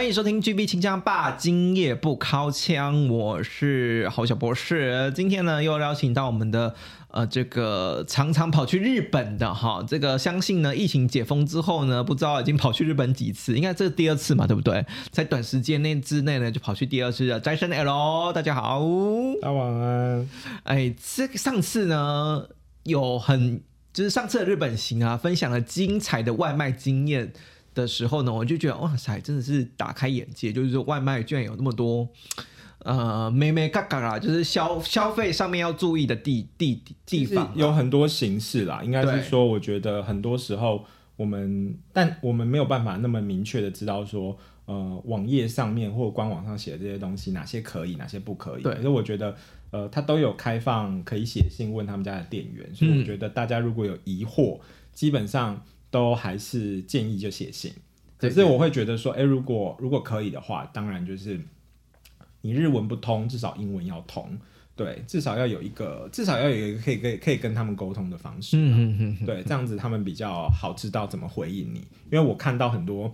歡迎收聽 GV 清江霸。今夜不尻槍，我是侯小博士。今天呢，又邀請到我們的呃這個常常跑去日本的哈，這個相信呢疫情解封之後呢，不知道已經跑去日本幾次，應該這是第二次嘛，對不對？在短時間內之內呢，就跑去第二次宅神 L，大家好，大家晚安。哎，這個上次呢有很就是上次的日本行啊，分享了精彩的外賣經驗。的時候呢，我就覺得哇塞，真的是打開眼界，就是說外賣居然有那麼多，呃，美美嘎嘎啦，就是消消費上面要注意的地地地方有很多形式啦。應該是說，我覺得很多時候我們對但我們沒有辦法那麼明確的知道說，呃，網頁上面或官網上寫的這些東西哪些可以，哪些不可以。對，所以我覺得，呃，他都有開放可以寫信問他們家的店員，所以我覺得大家如果有疑惑，嗯、基本上。都還是建議就寫信，可是我會覺得說，哎、欸，如果如果可以的話，當然就是你日文不通，至少英文要通，對，至少要有一個，至少要有一個可以可以可以跟他們溝通的方式，嗯、哼哼哼，對，這樣子他們比較好知道怎麼回應你，因為我看到很多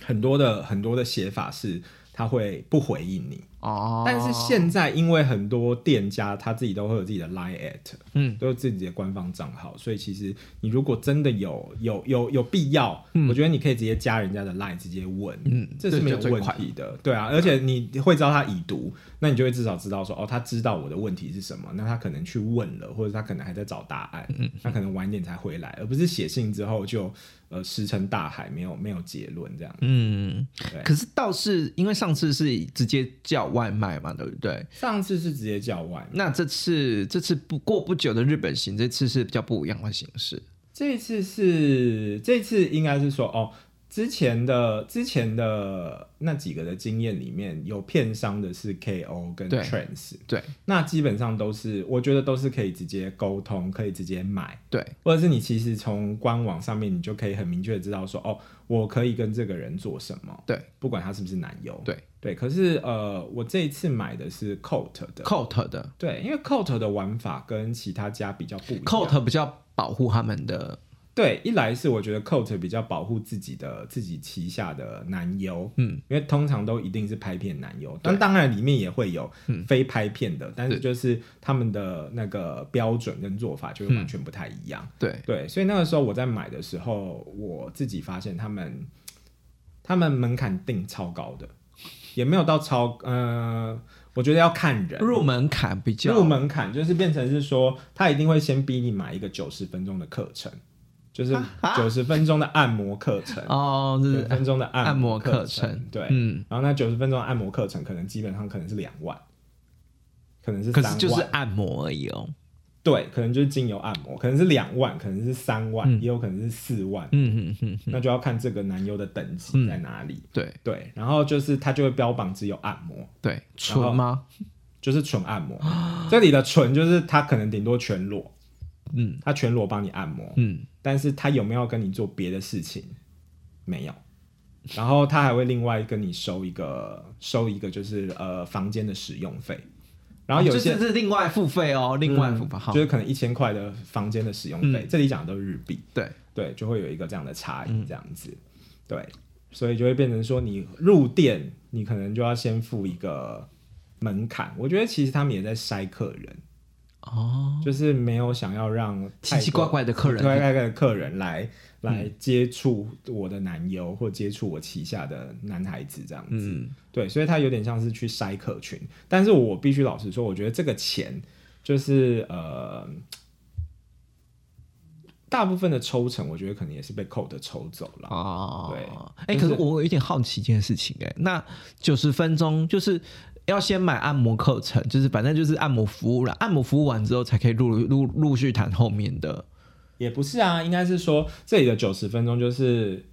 很多的很多的寫法是他會不回應你。哦，但是現在因為很多店家他自己都會有自己的 line at，嗯，都有自己的官方賬號，所以其實你如果真的有有有有必要，嗯，我覺得你可以直接加人家的 line 直接問，嗯，這是沒有問題的，對，就最快的，對啊，而且你會知道他已讀，嗯，那你就會至少知道說哦，他知道我的問題是什麼，那他可能去問了，或者他可能還在找答案，嗯，他可能晚一點才回來，嗯，而不是寫信之後就呃石沉大海，沒有沒有結論這樣子，嗯，對，可是倒是因為上次是直接叫外賣嘛，對不對？上次是直接叫外賣，那這次這次不過不久的日本行，這次是比較不一樣的形式。這次是這次應該是說哦。之前的之前的那幾個的經驗裡面有片商的是 KO 跟 Trans 對，對。那基本上都是我覺得都是可以直接溝通，可以直接買，對，或者是你其實從官網上面你就可以很明確的知道說哦，我可以跟這個人做什麼，對，不管他是不是男優，對，對。可是呃，我這一次買的是 Coat 的，Coat 的，的對，因為 Coat 的玩法跟其他家比較不一樣，Coat 比較保護他們的。對，一來是我覺得 COAT 比較保護自己的自己旗下的男優，嗯，因為通常都一定是拍片男優，嗯、但當然裡面也會有非拍片的，嗯、但是就是他們的那個標準跟做法就完全不太一樣。嗯、對對，所以那個時候我在買的時候，我自己發現他們他們門檻定超高的，也沒有到超呃，我覺得要看人入門檻比較入門檻就是變成是說他一定會先逼你買一個九十分鐘的課程。就是九十分鐘的按摩課程哦，是，九十分鐘的按摩課程對，嗯，然後那九十分鐘按摩課程可能基本上可能是兩萬，可能是三萬，可是就是按摩而已哦，對，可能就是精油按摩，可能是兩萬，可能是三萬，也有可能是四萬，嗯嗯嗯，那就要看這個男優的等級在哪裡，對對，然後就是他就會標榜只有按摩，對，純嗎？就是純按摩，這裡的純就是他可能頂多全裸，嗯，他全裸幫你按摩，嗯。但是他有沒有跟你做別的事情？沒有。然後他還會另外跟你收一個收一個，就是呃房間的使用費。然後有些、啊就是另外付費哦，另外付吧。嗯、好就是可能一千塊的房間的使用費，嗯、這裡講的都是日幣。對對，就會有一個這樣的差異，這樣子。嗯、對，所以就會變成說，你入店，你可能就要先付一個門檻。我覺得其實他們也在篩客人。哦，就是沒有想要讓奇奇怪怪的客人，奇怪怪的客人來、嗯、來接觸我的男優，或接觸我旗下的男孩子這樣子。嗯、對，所以他有點像是去篩客群。但是我必須老實說，我覺得這個錢就是呃，大部分的抽成，我覺得可能也是被扣的抽走了啊。哦、對，哎、欸，就是、可是我有點好奇一件事情、欸，哎，那九十分鐘就是。要先買按摩課程，就是反正就是按摩服務了，按摩服務完之後才可以陸陸陸續談後面的。也不是啊，應該是說這裡的九十分鐘就是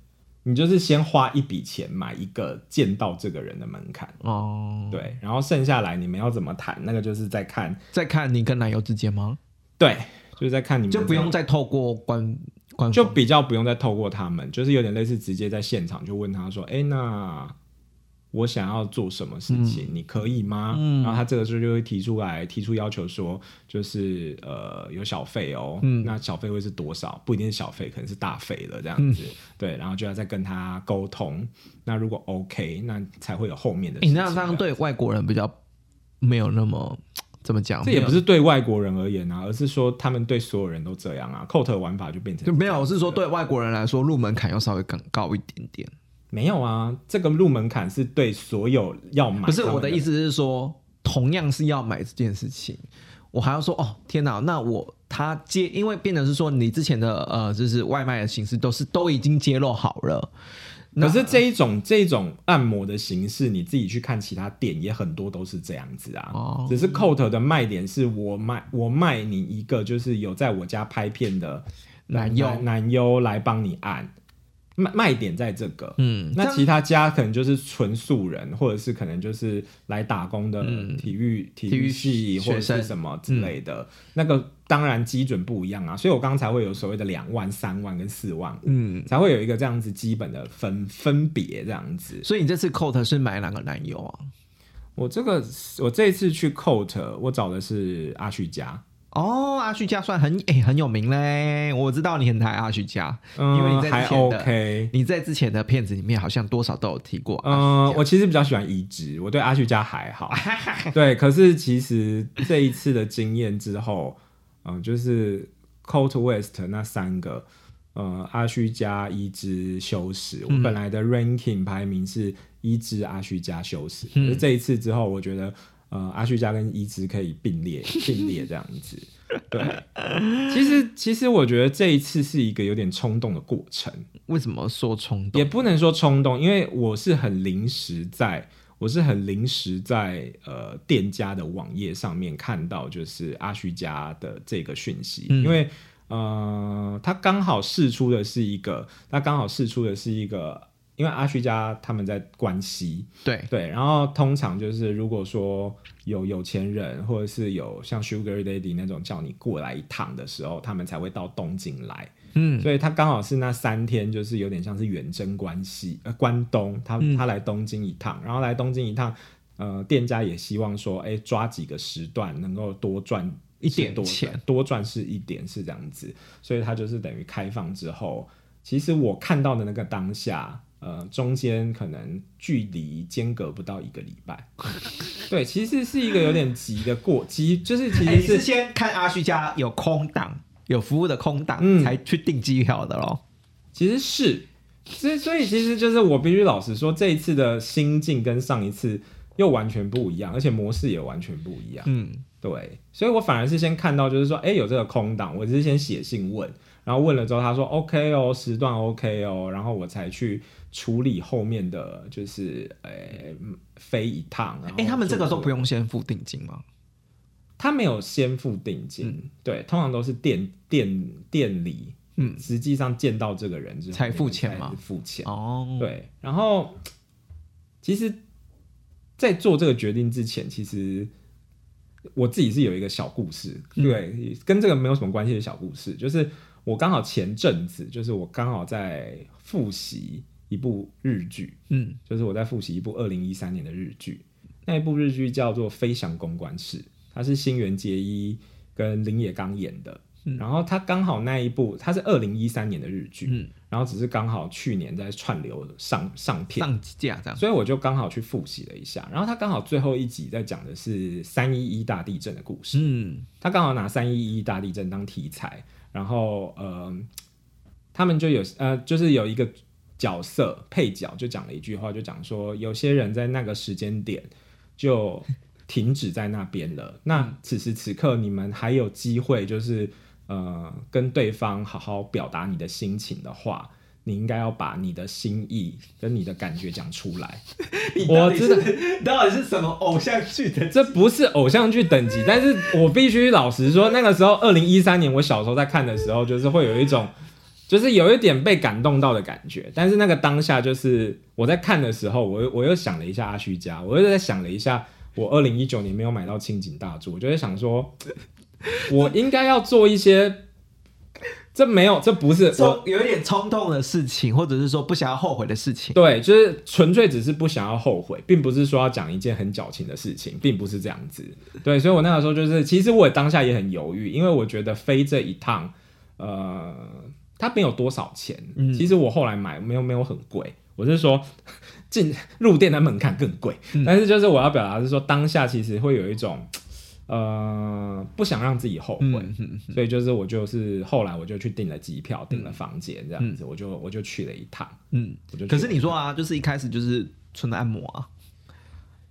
你就是先花一筆錢買一個見到這個人的門檻哦，對，然後剩下來你們要怎麼談，那個就是在看，在看你跟男友之間嗎？對，就是在看你們，就不用再透過關關，就比較不用再透過他們，就是有點類似直接在現場就問他說，哎、欸，那。我想要做什麼事情，嗯、你可以嗎？嗯、然後他這個時候就會提出來提出要求，說就是呃有小費哦，嗯、那小費會是多少？不一定是小費，可能是大費了這樣子。嗯、對，然後就要再跟他溝通。那如果 OK，那才會有後面的事情。那這樣對外國人比較沒有那麼怎麼講？有這也不是對外國人而言啊，而是說他們對所有人都這樣啊。coat 玩法就變成就沒有，我是說對外國人來說，入門檻要稍微更高一點點。沒有啊，這個入門檻是對所有要買。不是，我的意思是說，同樣是要買這件事情，我還要說哦，天哪，那我他接，因為變成是說，你之前的呃，就是外賣的形式都是都已經揭露好了。可是這一種這一種按摩的形式，你自己去看其他店也很多都是這樣子啊。哦。只是 Coat 的賣點是我賣我賣你一個，就是有在我家拍片的男優男優來幫你按。賣賣點在這個，嗯，那其他家可能就是純素人，樣或者是可能就是來打工的體育、嗯、體育系或者是什麼之類的，嗯、那個當然基準不一樣啊，嗯、所以我剛才會有所謂的兩萬、三萬跟四萬，嗯，才會有一個這樣子基本的分分別這樣子。所以你這次 coat 是買哪個男友啊？我這個我這次去 coat，我找的是阿旭家。哦，阿旭家算很誒、欸、很有名嘞，我知道你很抬阿旭家，嗯、因為你在還 OK，你在之前的片子裡面好像多少都有提過。嗯，我其實比較喜歡移植，我對阿旭家還好， 對。可是其實這一次的經驗之後，嗯、 呃，就是 Coat West 那三個，呃、阿旭家、移植、修飾，嗯、我本來的 ranking 排名是移植、阿旭家、修飾，嗯、這一次之後，我覺得。呃，阿旭家跟一植可以併列併列這樣子， 對。其實其實我覺得這一次是一個有點衝動的過程。為什麼說衝動？也不能說衝動，因為我是很臨時在，我是很臨時在呃店家的網頁上面看到，就是阿旭家的這個訊息，嗯、因為呃，他剛好釋出的是一個，他剛好釋出的是一個。因為阿徐家他們在關西，對對，然後通常就是如果說有有錢人，或者是有像 Sugar Lady 那種叫你過來一趟的時候，他們才會到東京來。嗯，所以他剛好是那三天，就是有點像是遠征關西呃關東，他他來東京一趟，嗯、然後來東京一趟，呃，店家也希望說，哎，抓幾個時段能夠多賺一點多錢，多賺是一點是這樣子，所以他就是等於開放之後，其實我看到的那個當下。呃，中間可能距離間隔不到一個禮拜， 對，其實是一個有點急的過機，就是其實是先、欸、看阿旭家有空檔，有服務的空檔，嗯、才去訂機票的咯。其實是，所以所以其實就是我必須老實說，這一次的心境跟上一次又完全不一樣，而且模式也完全不一樣。嗯，對，所以我反而是先看到就是說，哎、欸，有這個空檔，我只是先寫信問。然後問了之後，他說 OK 哦，時段 OK 哦，然後我才去處理後面的就是呃、哎、飛一趟。哎，他們這個都不用先付定金嗎？他沒有先付定金，嗯、對，通常都是店店店裡，嗯，實際上見到這個人之後才付錢嘛，付錢哦，對。然後其實，在做這個決定之前，其實我自己是有一個小故事，對，嗯、跟這個沒有什麼關係的小故事，就是。我剛好前陣子，就是我剛好在複習一部日劇，嗯，就是我在複習一部二零一三年的日劇，那一部日劇叫做《飛翔公關室》，它是新垣結衣跟綾野剛演的，嗯、然後它剛好那一部，它是二零一三年的日劇，嗯，然後只是剛好去年在串流上上片上架這樣，所以我就剛好去複習了一下，然後它剛好最後一集在講的是三一一大地震的故事，嗯，它剛好拿三一一大地震當題材。然後，呃，他們就有呃，就是有一個角色配角就講了一句話，就講說，有些人在那個時間點就停止在那邊了。那此時此刻，你們還有機會，就是呃，跟對方好好表達你的心情的話。你應該要把你的心意跟你的感覺講出來。我知道到底是什麼偶像劇等級，這不是偶像劇等級， 但是我必須老實說，那個時候二零一三年我小時候在看的時候，就是會有一種，就是有一點被感動到的感覺。但是那個當下，就是我在看的時候我，我我又想了一下阿徐家，我又在想了一下，我二零一九年沒有買到清井大助，我就在想說，我應該要做一些。這沒有，這不是衝，說有一點衝動的事情，或者是說不想要後悔的事情。對，就是純粹只是不想要後悔，並不是說要講一件很矯情的事情，並不是這樣子。對，所以我那個時候就是，其實我當下也很猶豫，因為我覺得飛這一趟，呃，它沒有多少錢。嗯，其實我後來買沒有沒有很貴，我是說進入店的門檻更貴。嗯，但是就是我要表達的是說，當下其實會有一種。呃，不想讓自己後悔，嗯嗯嗯、所以就是我就是後來我就去訂了機票，訂、嗯、了房間，這樣子、嗯、我就我就去了一趟。嗯，可是你說啊，就是一開始就是純的按摩啊，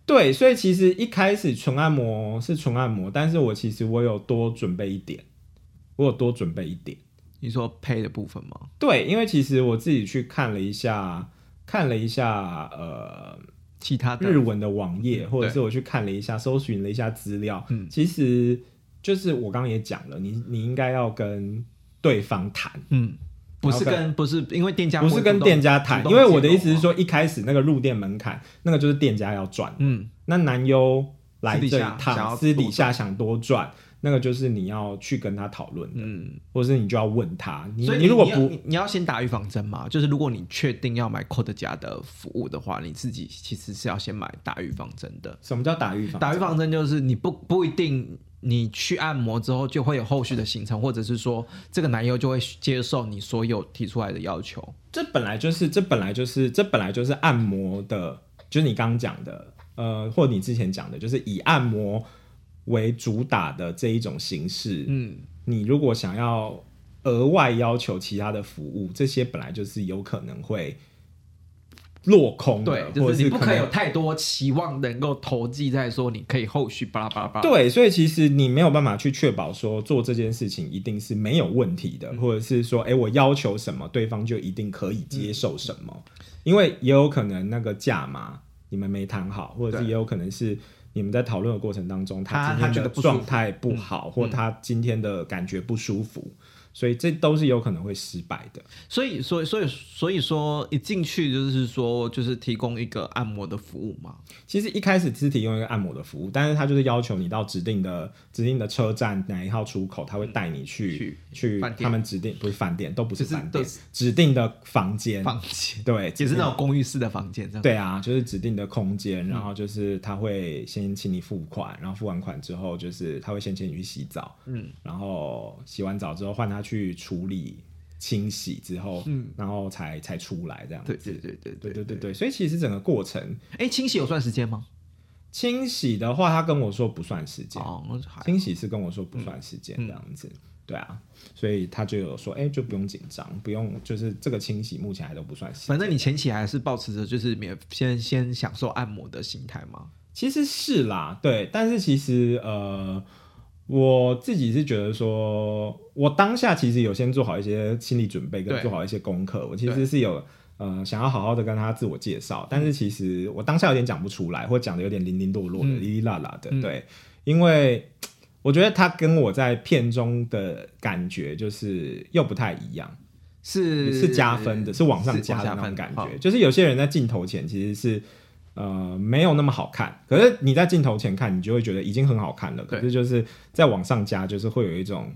對，所以其實一開始純按摩是純按摩，但是我其實我有多準備一點，我有多準備一點。你說 pay 的部分嗎？對，因為其實我自己去看了一下，看了一下，呃。其他的日文的網頁，或者是我去看了一下，嗯、搜尋了一下資料。嗯，其實就是我剛剛也講了，你你應該要跟對方談。嗯，不是跟、跟不是因為店家不是跟店家談，因為我的意思是說，哦、一開始那個入店門檻，那個就是店家要賺。嗯，那男優來這一趟，私底下私底下想多賺。那個就是你要去跟他討論，嗯，或是你就要問他。你你如果不，你、你要先打預防針嘛。就是如果你確定要買 coat 家的服務的話，你自己其實是要先買打預防針的。什麼叫打預防？打預防針就是你不不一定你去按摩之後就會有後續的行程，嗯、或者是說這個男優就會接受你所有提出來的要求。這本來就是，這本來就是，這本來就是按摩的，就是你剛剛講的，呃，或你之前講的，就是以按摩，為主打的這一種形式，嗯，你如果想要額外要求其他的服務，這些本來就是有可能會落空的，對，就是你不可以有太多期望，能夠投機在說你可以後續巴拉巴拉巴，對，所以其實你沒有辦法去確保說做這件事情一定是沒有問題的，或者是說，哎、欸，我要求什麼，對方就一定可以接受什麼，嗯、因為也有可能那個價碼，你們沒談好，或者是也有可能是。你們在討論的過程當中，他今天覺得狀態不好，他他不嗯嗯、或他今天的感覺不舒服。所以這都是有可能會失敗的。所以，所以，所以，所以說，一進去就是說，就是提供一個按摩的服務嘛。其實一開始只是提供一個按摩的服務，但是他就是要求你到指定的指定的車站哪一號出口，他會帶你去，嗯、去，去飯店。他們指定不是飯店，都不是飯店，就是，指定的房間，房間間，對，就是那種公寓式的房間這樣。對啊，就是指定的空間，然後就是他會先請你付款，然後付完款之後，就是他會先請你去洗澡，嗯，然後洗完澡之後換他。去處理清洗之後，嗯是，然後才才出來這樣子。對對對對對對對，對，對，所以其實整個過程，哎、欸，清洗有算時間嗎？清洗的話，他跟我說不算時間。哦、清洗是跟我說不算時間這樣子。嗯嗯、對啊，所以他就有說，哎、欸，就不用緊張，不用就是這個清洗目前還都不算時間。反正你前期還是保持着就是免先先享受按摩的心態嗎？其實是啦，對。但是其實呃。我自己是覺得說，我當下其實有先做好一些心理準備，跟做好一些功課。我其實是有、呃、想要好好的跟他自我介紹，但是其實我當下有點講不出來，或講的有點零零落落的、哩哩啦啦的。對，因為、嗯、我覺得他跟我在片中的感覺就是又不太一樣，是是加分的，是往上加的那種感覺。是就是有些人在鏡頭前其實是。呃，沒有那麼好看。可是你在鏡頭前看，你就會覺得已經很好看了。對可是就是再往上加，就是會有一種，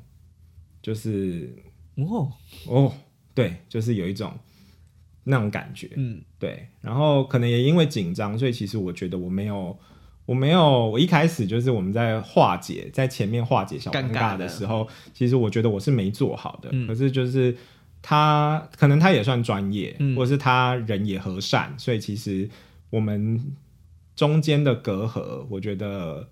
就是哦哦，對，就是有一種那種感覺。嗯，對。然後可能也因為緊張，所以其實我覺得我沒有，我沒有，我一開始就是我們在化解在前面化解小尷尬的時候，其實我覺得我是沒做好的。嗯、可是就是他可能他也算專業，嗯、或者是他人也和善，所以其實。我們中間的隔閡，我覺得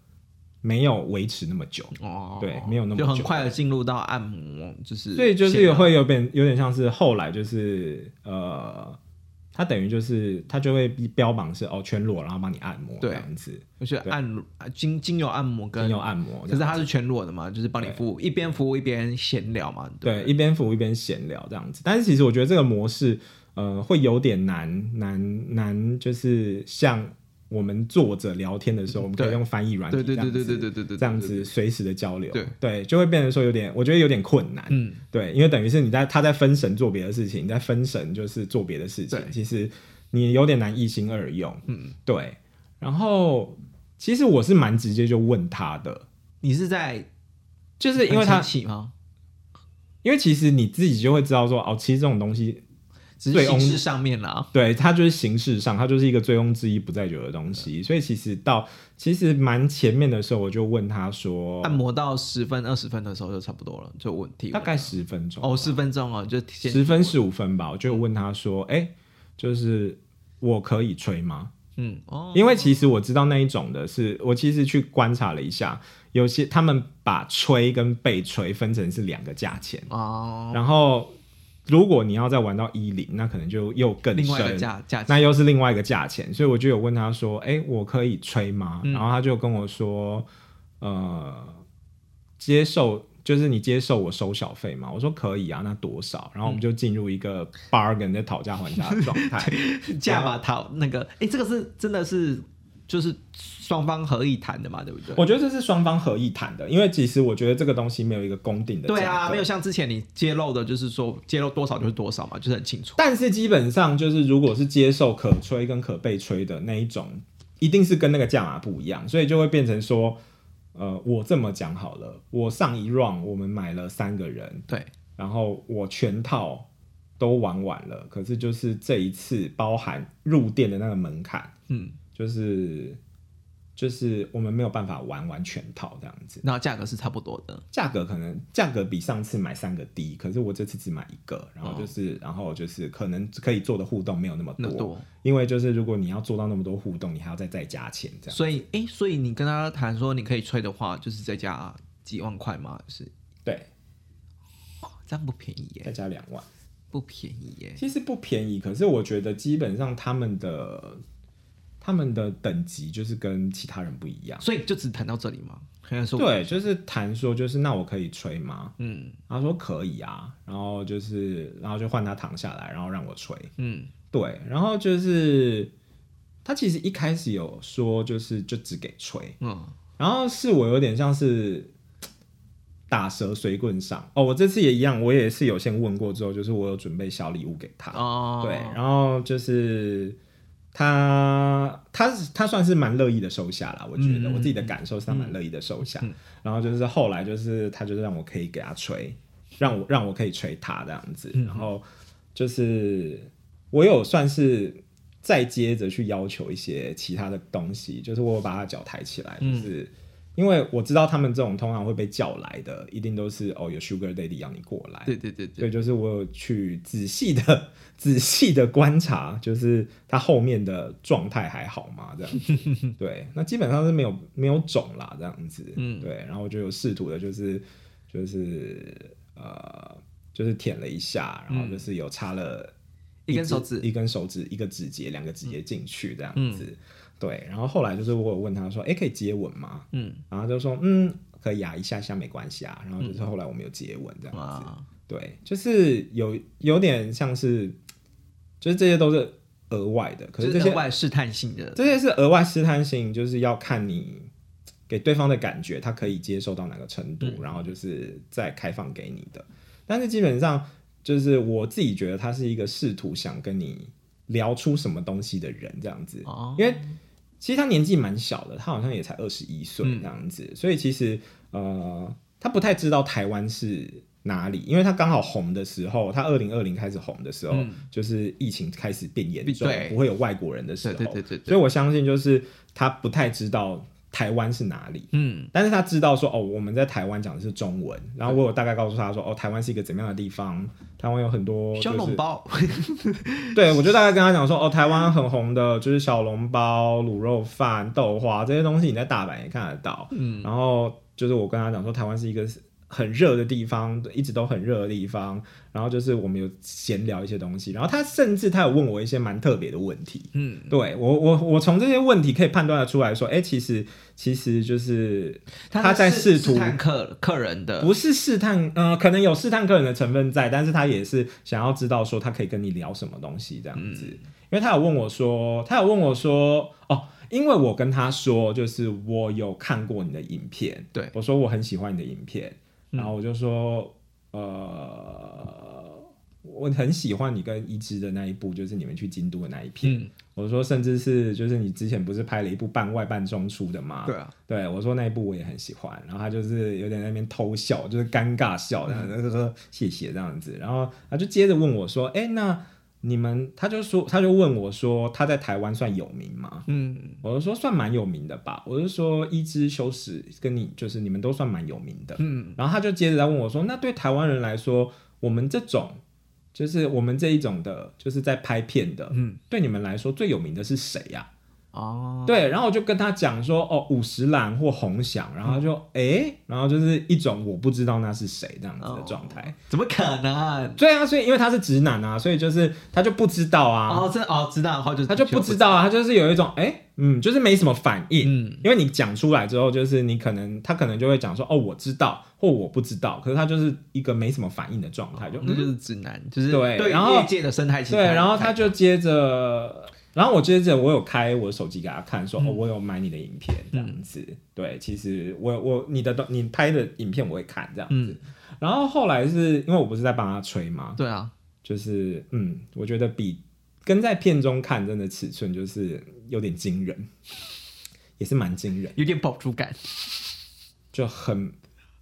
沒有維持那麼久，哦、對，沒有那麼就很快的進入到按摩，就是所以就是會有點有點像是後來就是呃，他等於就是他就會標榜是哦全裸，然後幫你按摩，對，這樣子就是對對按精精油按摩跟精油按摩，可是他是全裸的嘛，就是幫你服務，對一邊服務一邊閒聊嘛，對，對，一邊服務一邊閒聊這樣子。但是其實我覺得這個模式。呃，會有點難難難，難就是像我們坐着聊天的時候，對我們可以用翻譯軟體這樣子，這樣子隨時的交流，對，對，就會變成說有點，我覺得有點困難，嗯，對，因為等於是你在他在分神做別的事情，你在分神就是做別的事情，對其實你有點難一心二用，嗯，對。然後其實我是蠻直接就問他的，你是在，就是因為他，起嗎，因為其實你自己就會知道說，哦，其實這種東西。只是形式上面啦，對，他就是形式上，他就是一個醉翁之意不在酒的東西，對所以其實到其實蠻前面的時候，我就問他說，按摩到十分、二十分的時候就差不多了，就問大概十分鐘哦，十分鐘哦，就十分十五分吧，我就問他說，哎、嗯欸，就是我可以吹嗎？嗯，哦，因為其實我知道那一種的是，我其實去觀察了一下，有些他們把吹跟被吹分成是兩個價錢哦，然後。如果你要再玩到一零，那可能就又更深，另外一個價，價錢，那又是另外一個價錢。所以我就有問他說：“哎，我可以吹嗎？”嗯、然後他就跟我說：“呃，接受，就是你接受我收小費嗎？”我說：“可以啊，那多少？”然後我們就進入一個 bargain 的討價還價的狀態，價嘛討那個，哎，這個是真的是。就是雙方合意談的嘛，對不對？我覺得這是雙方合意談的，因為其實我覺得這個東西沒有一個公定的。對啊，沒有像之前你揭露的，就是說揭露多少就是多少嘛，就是很清楚。但是基本上就是，如果是接受可吹跟可被吹的那一種，一定是跟那個價碼不一樣，所以就會變成說，呃，我這麼講好了，我上一 round 我們買了三個人，對，然後我全套都玩完了，可是就是這一次包含入店的那個門檻，嗯。就是，就是我們沒有辦法玩完全套這樣子。那價格是差不多的，價格可能價格比上次買三個低，可是我這次只買一個，然後就是，哦、然後就是可能可以做的互動沒有那麼多，多因為就是如果你要做到那麼多互動，你還要再再加錢這樣。所以，哎、欸，所以你跟他談說你可以催的話，就是再加幾萬塊嗎？是對、哦，這樣不便宜耶，再加兩萬，不便宜耶。其實不便宜，可是我覺得基本上他們的。他們的等級就是跟其他人不一樣，所以就只談到這裡嗎？對，就是談說就是那我可以吹嗎？嗯，他說可以啊，然後就是然後就換他躺下來，然後讓我吹。嗯，對，然後就是他其實一開始有說就是就只給吹，嗯，然後是我有點像是打蛇隨棍上哦，我這次也一樣，我也是有先問過之後，就是我有準備小禮物給他哦，對，然後就是。他他他算是蠻樂意的收下了，我覺得嗯嗯我自己的感受是他蠻樂意的收下。嗯嗯然後就是後來就是他就是讓我可以給他吹，讓我讓我可以吹他這樣子。嗯嗯然後就是我有算是再接着去要求一些其他的東西，就是我把他腳抬起來，就是。因為我知道他們這種通常會被叫來的，一定都是哦有 Sugar Daddy 要你過來。對對對對，對，就是我有去仔細的仔細的觀察，就是他後面的狀態還好嗎？這樣，對，那基本上是沒有沒有腫啦，這樣子。嗯， 對，然後就有試圖的、就是，就是就是呃，就是舔了一下，嗯，然後就是有插了一根手指，一根手指，一根手指一個指節，兩個指節進去這樣子。嗯對，然後後來就是我有問他說：“哎、欸，可以接吻嗎？”嗯，然後就說：“嗯，可以啊，一下下沒關係啊。”然後就是後來我們有接吻這樣子，嗯、對，就是有有點像是，就是這些都是額外的，可是這些是額外試探性的，這些是額外試探性，就是要看你給對方的感覺，他可以接受到哪個程度，嗯、然後就是再開放給你的。但是基本上就是我自己覺得他是一個試圖想跟你聊出什麼東西的人這樣子，哦、因為。其實他年紀蠻小的，他好像也才二十一歲這樣子，嗯、所以其實呃，他不太知道台灣是哪裡，因為他剛好紅的時候，他二零二零開始紅的時候，嗯、就是疫情開始變嚴重，對不會有外國人的時候，對對對對，所以我相信就是他不太知道。台灣是哪裡？嗯，但是他知道說哦，我們在台灣講的是中文。然後我有大概告訴他說哦，台灣是一個怎樣的地方？台灣有很多、就是、小籠包， 對，我就大概跟他講說哦，台灣很紅的就是小籠包、滷肉飯、豆花這些東西，你在大阪也看得到。嗯，然後就是我跟他講說台灣是一個。很熱的地方，一直都很熱的地方。然後就是我們有閒聊一些東西。然後他甚至他有問我一些蠻特別的問題。嗯，對我我我從這些問題可以判斷得出來說，哎、欸，其實其實就是他在試探客客人的，不是試探，嗯、呃，可能有試探客人的成分在，但是他也是想要知道說他可以跟你聊什麼東西這樣子。嗯、因為他有問我說，他有問我說，哦，因為我跟他說，就是我有看過你的影片，對，我說我很喜歡你的影片。然後我就說，嗯、呃，我很喜歡你跟一植的那一部，就是你們去京都的那一片。嗯、我說，甚至是就是你之前不是拍了一部半外半中出的嗎？嗯、對啊，對，我說那一部我也很喜歡。然後他就是有點那邊偷笑，就是尷尬笑，然後他就說謝謝這樣子。然後他就接着問我說，哎，那。你們，他就說，他就問我說，他在台灣算有名嗎？嗯，我就說算蠻有名的吧。我就說伊之修史跟你就是你們都算蠻有名的。嗯，然後他就接着再問我說，那對台灣人來說，我們這種就是我們這一種的，就是在拍片的，嗯，對你們來說最有名的是誰呀、啊？哦，對，然後我就跟他講說，哦，五十藍或紅響，然後就，哎，然後就是一種我不知道那是誰這樣子的狀態，怎麼可能？對啊，所以因為他是直男啊，所以就是他就不知道啊。哦，真的哦，知道，然後就他就不知道啊，他就是有一種，哎，嗯，就是沒什麼反應。嗯，因為你講出來之後，就是你可能他可能就會講說，哦，我知道或我不知道，可是他就是一個沒什麼反應的狀態，就那就是直男，就是對，然後業界的生態，對，然後他就接着。然後我接着，我有開我手機給他看說，說、嗯、哦，我有買你的影片，這樣子。嗯、對，其實我我你的你拍的影片我會看，這樣子。嗯、然後後來是因為我不是在幫他吹嘛？對啊，就是嗯，我覺得比跟在片中看真的尺寸就是有點驚人，也是蠻驚人，有點飽足感，就很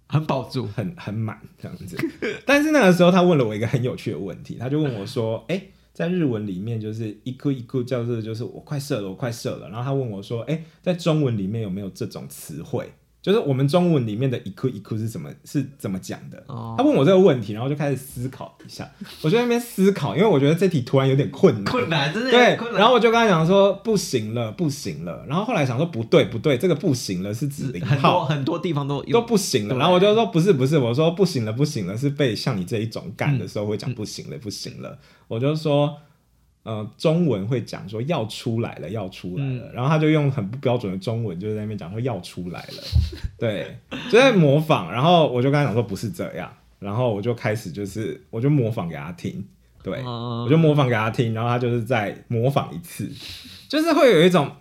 很飽足，很很滿這樣子。 但是那個時候他問了我一個很有趣的問題，他就問我說：“誒、嗯……’欸在日文裡面，就是一哭一哭，叫做就是我快射了，我快射了。然後他問我說：“誒、欸，在中文裡面有沒有這種詞彙？”就是我們中文裡面的“一哭一哭”是怎麼？是怎麼講的？哦。他問我這個問題，然後就開始思考一下。 我就在那邊思考，因為我覺得這題突然有點困難，困難，真的困難。對。然後我就跟他講說：“不行了，不行了。”然後後來想說：“不對，不對，這個不行了是指是很多很多地方都都不行了。”然後我就說：“不是，不是，我說不行了，不行了，是被像你這一種幹的時候、嗯、會講不行了，不行了。”我就說。呃，中文會講說要出來了，要出來了，嗯、然後他就用很不標準的中文就在那邊講說要出來了， 對，就在模仿。然後我就跟他講說不是這樣，然後我就開始就是我就模仿給他聽，對、嗯、我就模仿給他聽，然後他就是再模仿一次，就是會有一種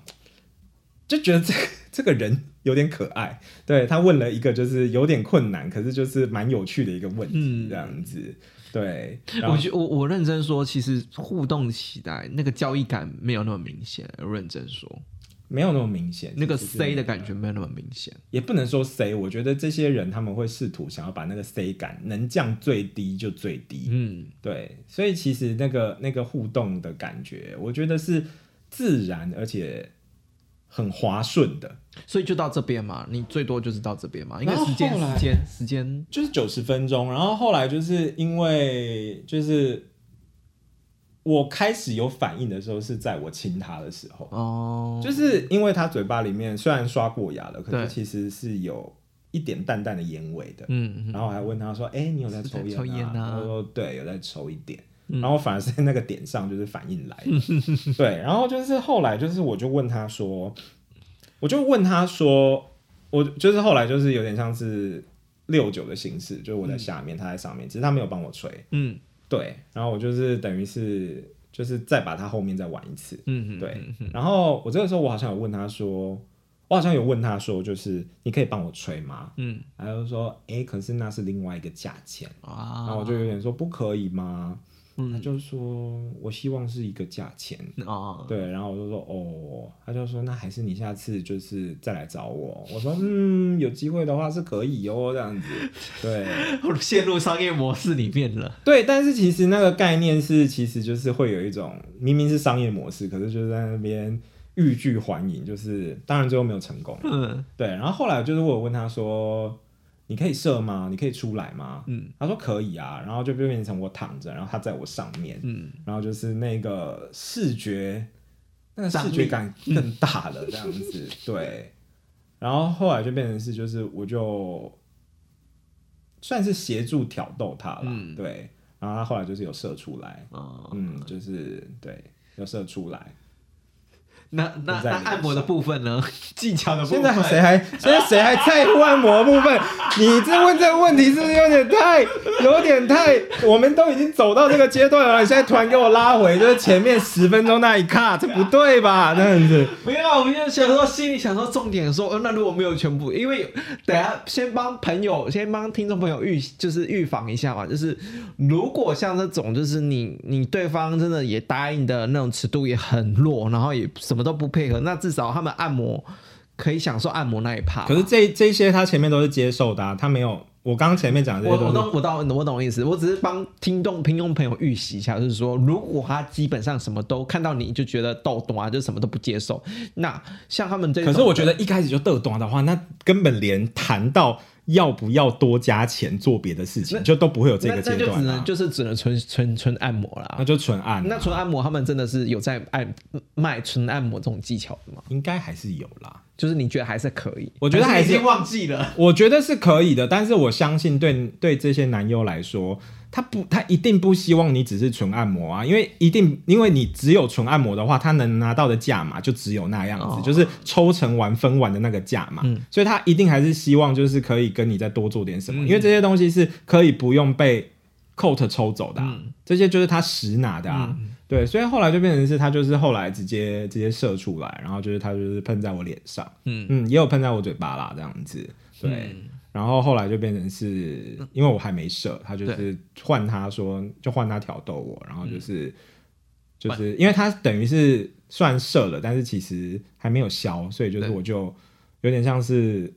就覺得這個、這個人有點可愛。對，他問了一個就是有點困難，可是就是蠻有趣的一個問題，這樣子。嗯對我，我我認真說，其實互動起來那個交易感沒有那麼明顯。認真說，沒有那麼明顯，那個 C 的感覺沒有那麼明顯，也不能說 C。我覺得這些人他們會試圖想要把那個 C 感能降最低就最低。嗯，對，所以其實那個那個互動的感覺，我覺得是自然，而且。很滑順的，所以就到這邊嘛，你最多就是到這邊嘛，因為時間時間時間就是九十分鐘，然後後來就是因為就是我開始有反應的時候是在我親他的時候哦，就是因為他嘴巴裡面雖然刷過牙了，可是其實是有一點淡淡的煙味的，嗯對，然後我還問他說，哎、欸，你有在抽煙抽煙啊？他說對，有在抽一點。嗯、然後反而是在那個點上，就是反應來，嗯、呵呵對，然後就是後來就是我就問他說，我就問他說，我就是後來就是有點像是六九的形式，就是我在下面、嗯、他在上面，其實他沒有幫我吹，嗯，對，然後我就是等於是就是再把他後面再玩一次，嗯哼對，然後我這個時候我好像有問他說，我好像有問他說，就是你可以幫我吹嗎？嗯，還就是說，哎、欸，可是那是另外一個價錢啊，哇然後我就有點說不可以嗎？嗯，他就說我希望是一個價錢、哦、對，然後我就說哦，他就說那還是你下次就是再來找我，我說嗯，有機會的話是可以哦、喔，這樣子，對， 我陷入商業模式裡面了，對，但是其實那個概念是，其實就是會有一種明明是商業模式，可是就是在那邊欲拒還迎，就是當然最後沒有成功，嗯，對，然後後來就是我有問他說。你可以射嗎？你可以出來嗎？嗯，他說可以啊，然後就變成我躺着，然後他在我上面，嗯，然後就是那個視覺，那個視覺感更大了這樣子，嗯、 對。然後後來就變成是，就是我就算是協助挑逗他了，嗯、對。然後他後來就是有射出來，嗯，嗯嗯就是對，有射出來。那那那按摩的部分呢？ 技巧的部分。現在誰還現在誰還在乎按摩的部分？你這問這個問題是不是有點太有點太？ 我們都已經走到這個階段了，你現在突然給我拉回，就是前面十分鐘那一卡，這不對吧？真的 是。不要，我們就想說，心裡想說，重點說、呃。那如果沒有全部，因為等下先幫朋友，先幫聽眾朋友預就是預防一下嘛，就是如果像這種，就是你你對方真的也答應的那種尺度也很弱，然後也什。什麼都不配合，那至少他們按摩可以享受按摩那一趴。可是這這些他前面都是接受的、啊，他沒有我剛剛前面講的這些我，我我都我懂我懂，我懂意思，我只是幫聽眾聽眾朋友預習一下，就是說，如果他基本上什麼都看到你就覺得逗懂啊，就什麼都不接受，那像他們這，可是我覺得一開始就逗懂的話，那根本連談到。要不要多加錢做別的事情？那就都不會有這個階段。就只能就是只能純純純按摩啦。那就純按、啊、那純按摩，他們真的是有在按賣純按摩這種技巧的嗎？應該還是有啦。就是你覺得還是可以？我覺得還是，還是忘記了。我覺得是可以的，但是我相信對對這些男優來說。他不，他一定不希望你只是純按摩啊，因為一定，因為你只有純按摩的話，他能拿到的價碼就只有那樣子，哦、就是抽成完分完的那個價嘛。嗯、所以他一定還是希望就是可以跟你再多做點什麼，嗯、因為這些東西是可以不用被 coat 抽走的、啊，嗯、這些就是他實拿的啊。嗯、對，所以後來就變成是他就是後來直接直接射出來，然後就是他就是噴在我臉上，嗯嗯，也有噴在我嘴巴啦，這樣子，嗯、對。然後後來就變成是，因為我還沒射，他就是換他說、嗯、就換他挑逗我，然後就是、嗯、就是因為他等於是算射了，但是其實還沒有消，所以就是我就有點像是，對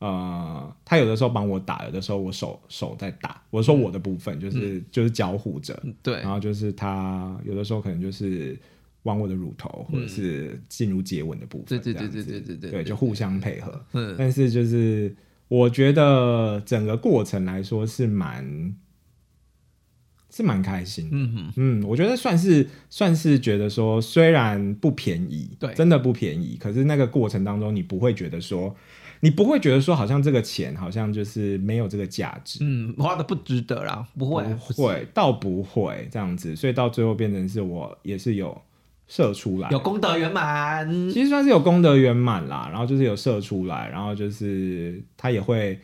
呃，他有的時候幫我打有的時候，我手手在打，我說我的部分就是、嗯、就是交互着，嗯、對，然後就是他有的時候可能就是玩我的乳頭，或者是進入接吻的部分，嗯、對、對、對、對對對對對對對，對就互相配合，嗯，但是就是。我覺得整個過程來說是蠻是蠻開心的，嗯哼，嗯，我覺得算是算是覺得說，雖然不便宜，對，真的不便宜，可是那個過程當中你不會覺得說，你不會覺得說，好像這個錢好像就是沒有這個價值，嗯，花的不值得啦，不會、啊，不不會倒不會這樣子，所以到最後變成是我也是有。射出來有功德圓滿，其實算是有功德圓滿啦。然後就是有射出來，然後就是他也會，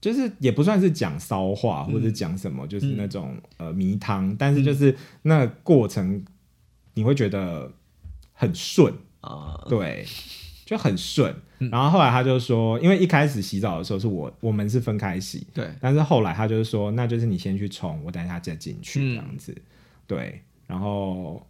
就是也不算是講騷話或者講什麼，嗯、就是那種、嗯、呃迷湯。但是就是那個過程，你會覺得很順、嗯、對，就很順。嗯、然後後來他就說，因為一開始洗澡的時候是我我們是分開洗，對。但是後來他就是說，那就是你先去沖，我等一下再進去這樣子。嗯、對，然後。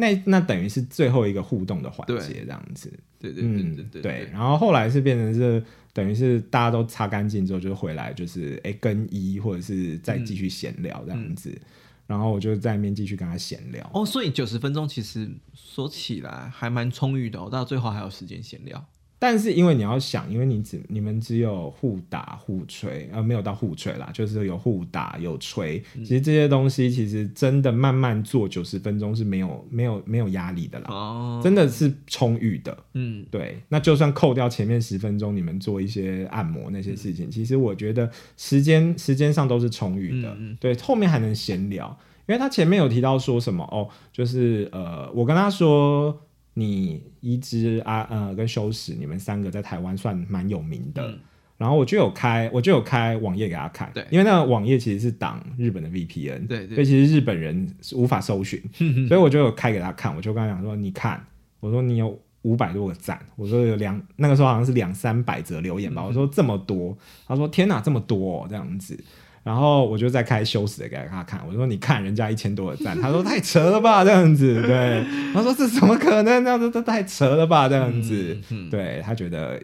那那等於是最後一個互動的環節，這樣子對。對對對對、嗯、對。然後後來是變成是，等於是大家都擦乾淨之後，就回來就是哎更衣，或者是再繼續閒聊這樣子。嗯嗯、然後我就在那邊繼續跟他閒聊。哦，所以九十分鐘其實說起來還蠻充裕的、哦，到最後還有時間閒聊。但是因為你要想，因為你只你們只有互打互吹，呃，沒有到互吹啦，就是有互打有吹，其實這些東西其實真的慢慢做九十分鐘是沒有沒有沒有壓力的啦，哦、真的是充裕的。嗯，對。那就算扣掉前面十分鐘你們做一些按摩那些事情，嗯、其實我覺得時間時間上都是充裕的。嗯嗯，對，後面還能閒聊，因為他前面有提到說什麼哦，就是呃，我跟他說。你一之啊，呃，跟修史，你們三個在台灣算蠻有名的。嗯、然後我就有開，我就有開網頁給他看，對，因為那個網頁其實是擋日本的 VPN，對、對、對，所以其實日本人是無法搜尋，嗯、所以我就有開給他看，我就跟他講說， 你看，我說你有五百多個讚，我說有兩，那個時候好像是兩三百則留言吧，嗯、我說這麼多，他說天哪，這麼多、哦、這樣子。然後我就再開始羞死的給他看，我說：“你看人家一千多的贊。”他說：“太扯了吧！這樣子。”對， 他說：“這怎麼可能、啊？這樣都太扯了吧，這樣子。嗯”嗯、對他覺得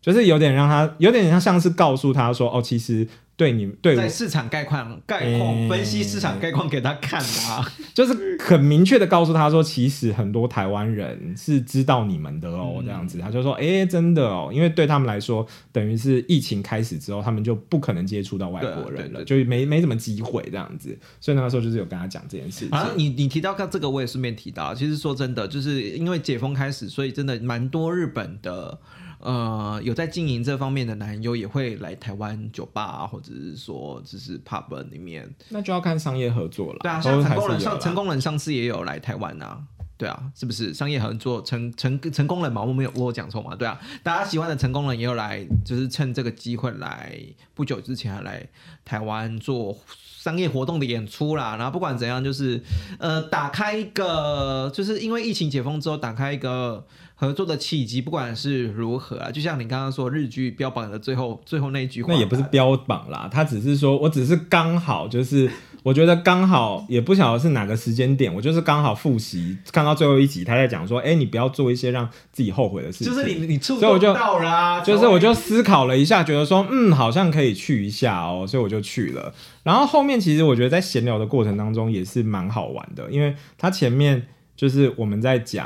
就是有點讓他有點像像是告訴他說：“哦，其實。”對你對在市場概況概況、欸、分析市場概況給他看的啊，就是很明確的告訴他說，其實很多台灣人是知道你們的哦，嗯、這樣子他就說，哎、欸，真的哦，因為對他們來說，等於是疫情開始之後，他們就不可能接觸到外國人了，啊、對對對對就沒沒什麼機會這樣子，所以那個時候就是有跟他講這件事。是是啊，你你提到這個，我也順便提到，其實說真的，就是因為解封開始，所以真的蠻多日本的。呃，有在經營這方面的男優也會來台灣酒吧啊，或者是說，只是 pub 裡面。那就要看商業合作了。對啊，像成功人上成功人上次也有來台灣啊。對啊，是不是商業合作成？成成成功人嘛，我們有我有講錯嘛？對啊，大家喜歡的成功人也有來，就是趁這個機會來。不久之前還來台灣做商業活動的演出啦。然後不管怎樣，就是呃，打開一個，就是因為疫情解封之後，打開一個。合作的契機，不管是如何啊，就像你剛剛說，日劇標榜的最後最後那一句話，那也不是標榜啦，他只是說我只是剛好，就是 我覺得剛好，也不曉得是哪個時間點，我就是剛好復習看到最後一集，他在講說，哎、欸，你不要做一些讓自己後悔的事情。就是你你觸動不到了啊，就， 就是我就思考了一下，覺得說，嗯，好像可以去一下哦，所以我就去了。然後後面其實我覺得在閒聊的過程當中也是蠻好玩的，因為他前面就是我們在講。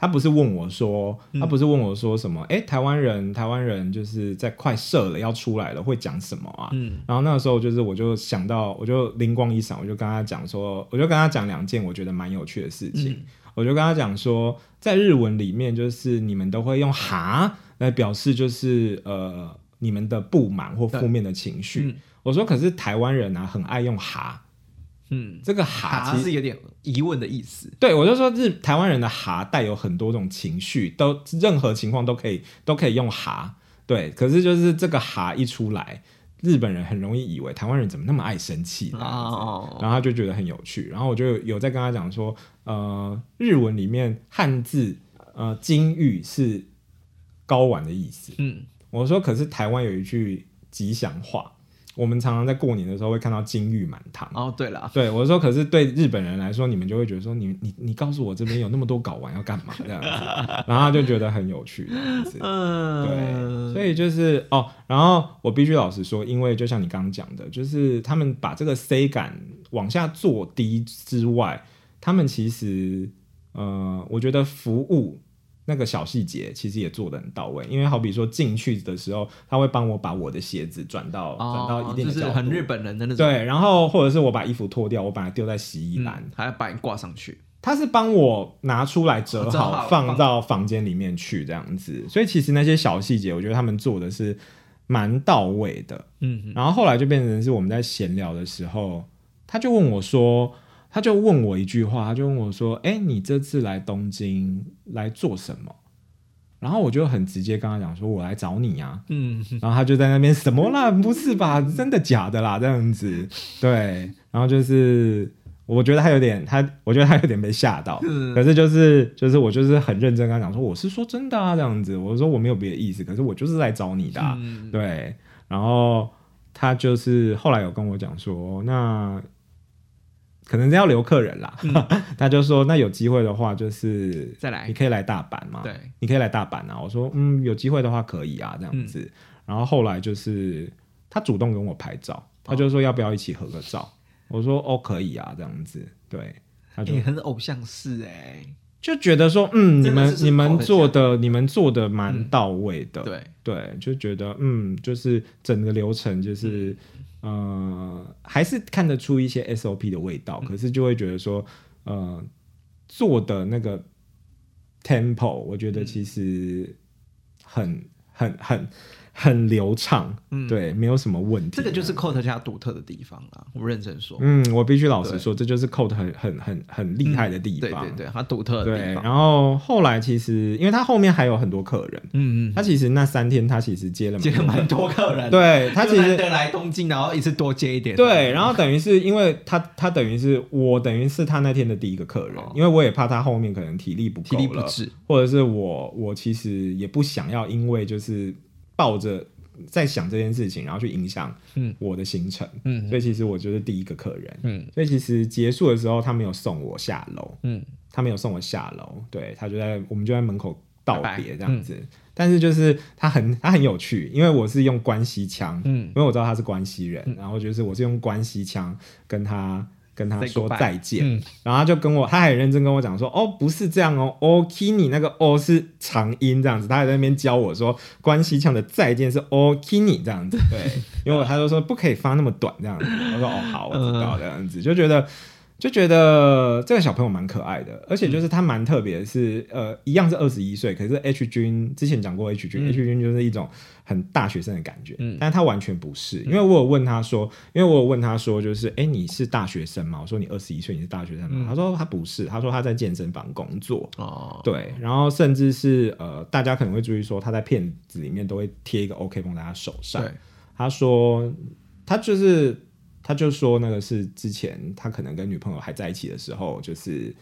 他不是問我說，他不是問我說什麼？誒、嗯欸，台灣人，台灣人就是在快射了，要出來了，會講什麼啊？嗯、然後那個時候就是，我就想到，我就靈光一閃，我就跟他講說，我就跟他講兩件我覺得蠻有趣的事情。嗯、我就跟他講說，在日文裡面，就是你們都會用“蛤”來表示，就是呃，你們的不滿或負面的情緒。嗯、我說，可是台灣人啊，很愛用“蛤”。嗯，這個蛤其實蛤有點疑問的意思。對我就說日，是台灣人的蛤帶有很多種情緒，都任何情況都可以，都可以用蛤。對，可是就是這個蛤一出來，日本人很容易以為台灣人怎麼那麼愛生氣呢？哦，然後他就覺得很有趣。然後我就有，有在跟他講說，呃，日文裡面漢字呃金玉是睪丸的意思。嗯，我說可是台灣有一句吉祥話。我們常常在過年的時候會看到金玉滿堂哦，對了，對我說，可是對日本人來說，你們就會覺得說你，你你你告訴我這邊有那麼多睾丸要幹嘛這樣子， 然後他就覺得很有趣這樣子，嗯，對，所以就是哦，然後我必須老實說，因為就像你剛剛講的，就是他們把這個 C 感往下做低之外，他們其實呃，我覺得服務。那個小細節其實也做得很到位，因為好比說進去的時候，他會幫我把我的鞋子轉到轉、哦、到一定的角度，就是很日本人的那種。對，然後或者是我把衣服脫掉，我把它丟在洗衣籃、嗯，還要把你掛上去。他是幫我拿出來折好，哦、折好放到房間裡面去這樣子。所以其實那些小細節，我覺得他們做的是蠻到位的。嗯，然後後來就變成是我們在閒聊的時候，他就問我說。他就問我一句話，他就問我說：“哎、欸，你這次來東京來做什麼？”然後我就很直接跟他講說：“我來找你啊。”嗯，然後他就在那邊什麼啦？不是吧？真的假的啦？這樣子，對。然後就是我覺得他有點，他我覺得他有點被嚇到。嗯、可是就是就是我就是很認真跟他講說：“我是說真的啊，這樣子。”我說我沒有別的意思，可是我就是來找你的、啊。嗯、對。然後他就是後來有跟我講說：“那。”可能要留客人啦，嗯、 他就說：“那有機會的話，就是再來，你可以來大阪嘛。”對，你可以來大阪啊。我說：“嗯，有機會的話可以啊，這樣子。嗯”然後後來就是他主動跟我拍照，他就說：“要不要一起合個照？”哦、我說：“哦，可以啊，這樣子。”對，他就、欸、你很偶像式哎、欸，就覺得說：“嗯，你們你們做的對你們做的蠻到位的。嗯”對對，就覺得嗯，就是整個流程就是。嗯呃，還是看得出一些 SOP 的味道，嗯、可是就會覺得說，呃，做的那個 tempo，我覺得其實很很、嗯、很，很很流暢，嗯，對，沒有什麼問題。這個就是 coat 家獨特的地方了，我認真說。嗯，我必須老實說，對這就是 coat 很很很很厲害的地方。嗯、對對對，它獨特的地方。對，然後後來其實，因為他後面還有很多客人，嗯，嗯嗯，他其實那三天他其實接了蠻接了蠻多客人，對，他其實就難得來東京，然後一次多接一點。對，然後等於是因為他他等於是我等於是他那天的第一個客人，哦、因為我也怕他後面可能體力不夠，體力不支，或者是我我其實也不想要因為就是。抱着在想這件事情，然後去影響嗯我的行程嗯，嗯嗯，所以其實我就是第一個客人嗯，所以其實結束的時候，他沒有送我下樓嗯，他沒有送我下樓，對，他就在我們就在門口道別這樣子，拜拜嗯，但是就是他很他很有趣，因為我是用關西腔嗯，因為我知道他是關西人，然後就是我是用關西腔跟他。跟他說再見，再嗯、然後他就跟我，他還很認真跟我講說：“哦，不是這樣哦，Okini 那個 O 是長音這樣子。”他還在那邊教我說，關西腔的再見是 Okini 這樣子，對，對，因為他就說不可以發那麼短這樣子。我說：“哦，好，我知道這樣子。” 就覺得。就覺得這個小朋友蠻可愛的，而且就是他蠻特別的是呃一樣是二十一歲，可是 H 君之前講過 H 君、嗯、，H 君就是一種很大學生的感覺，嗯、但是他完全不是，因為我有問他說，因為我有問他說，就是哎、欸、你是大學生嗎？我說你二十一歲你是大學生嗎？嗯、他說他不是，他說他在健身房工作哦，對，然後甚至是呃大家可能會注意說他在片子裡面都會貼一個 OK 繃在他手上，對他說他就是。他就說那個是之前他可能跟女朋友還在一起的時候，就是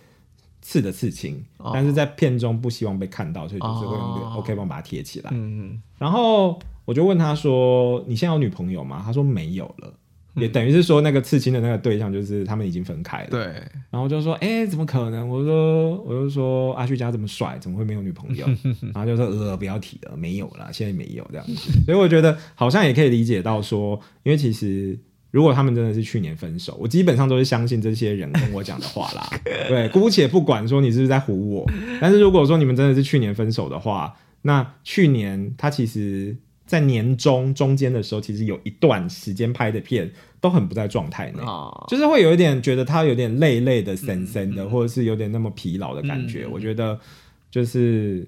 刺的刺青，oh. 但是在片中不希望被看到，所以就是會用一個 O K 幫我把它貼起來。Oh. 然後我就問他說：“你現在有女朋友嗎？”他說：“沒有了。”也等於是說那個刺青的那個對象就是他們已經分開了。對。然後就說：“哎、欸，怎麼可能？”我就說：“我就說阿旭家這麼帥，怎麼會沒有女朋友？” 然後就說：“呃，不要提了，沒有了，現在沒有這樣子。”所以我覺得好像也可以理解到說，因為其實。如果他們真的是去年分手，我基本上都是相信這些人跟我講的話啦。 對，姑且不管說你是不是在唬我，但是如果說你們真的是去年分手的話，那去年他其實在年中中間的時候，其實有一段時間拍的片都很不在狀態內，哦、就是會有一點覺得他有點累累的、神、嗯、神的，或者是有點那麼疲勞的感覺。嗯、我覺得就是。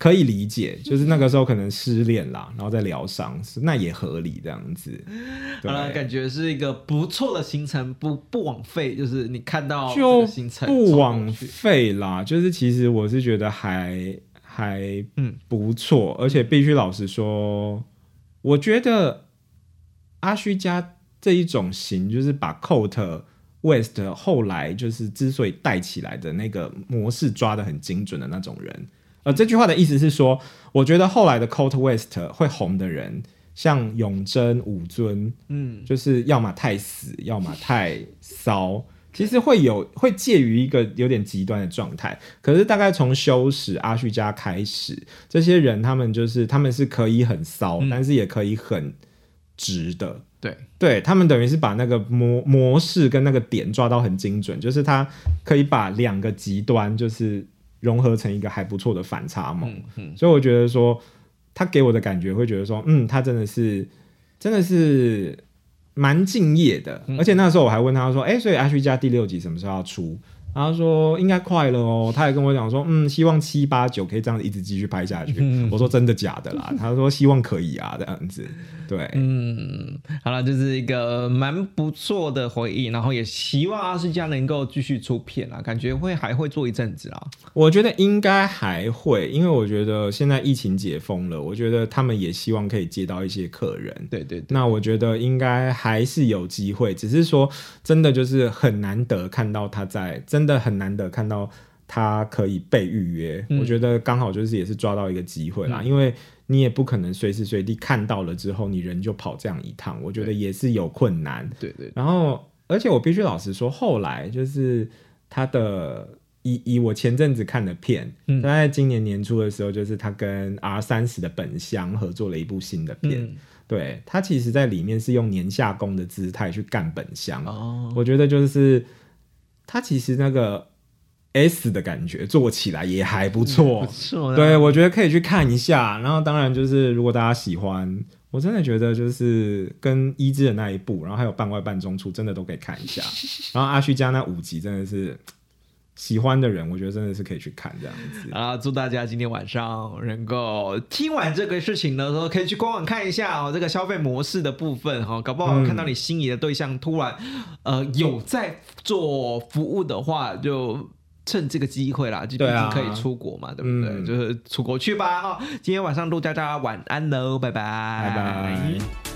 可以理解，就是那個時候可能失戀啦， 然後再療傷，那也合理這樣子。對好了，感覺是一個不錯的行程，不不枉費。就是你看到這個行程不枉費啦，就是其實我是覺得還還不嗯不錯，而且必須老實說，嗯、我覺得阿虛家這一種型，就是把 coat west 後來就是之所以帶起來的那個模式抓的很精準的那種人。呃，嗯、這句話的意思是說，我覺得後來的 Cold West 會紅的人，像永真、武尊，嗯，就是要麼太死，要麼太騷，嗯、其實會有會介於一個有點極端的狀態。可是大概從修史、阿旭家開始，這些人他們就是他們是可以很騷，嗯、但是也可以很直的。對，對他們等於是把那個模模式跟那個點抓到很精準，就是他可以把兩個極端就是。融合成一個還不錯的反差萌。嗯嗯、所以我覺得說他給我的感覺會覺得說，嗯，他真的是真的是蠻敬業的，嗯、而且那時候我還問他說，哎、欸，所以《阿旭加》第六集什麼時候要出？他說應該快了哦，他也跟我講說，嗯，希望七八九可以這樣子一直繼續拍下去。嗯、我說真的假的啦？嗯、他說希望可以啊，這樣子。對，嗯，好了，這是一個蠻不錯的回憶，然後也希望阿世家能夠繼續出片啊，感覺會還會做一陣子啊。我覺得應該還會，因為我覺得現在疫情解封了，我覺得他們也希望可以接到一些客人。對對，對，那我覺得應該還是有機會，只是說真的就是很難得看到他在真的。真的很難得看到他可以被預約，嗯、我覺得剛好就是也是抓到一個機會啦，嗯、因為你也不可能隨時隨地看到了之後你人就跑這樣一趟，我覺得也是有困難。對對，對對。然後，而且我必須老實說，後來就是他的以以我前陣子看的片，在、嗯、今年年初的時候，就是他跟 R 三十的本鄉合作了一部新的片，嗯、對他其實在裡面是用年下攻的姿態去幹本鄉，哦、我覺得就是。他其實那個 S 的感覺做起來也還不錯，嗯，不錯，對，我覺得可以去看一下。然後當然就是，如果大家喜歡，我真的覺得就是跟一之的那一部，然後還有半外半中出，真的都可以看一下。 然後阿旭家那五集真的是。喜歡的人，我覺得真的是可以去看這樣子啊！祝大家今天晚上能夠聽完這個事情的時候，可以去官網看一下哦，這個消費模式的部分哈、哦，搞不好看到你心儀的對象突然，嗯、呃，有在做服務的話，就趁這個機會啦，就可以出國嘛，對，啊、對不對？嗯、就是出國去吧、哦、今天晚上陸佳佳晚安嘍，拜拜拜拜。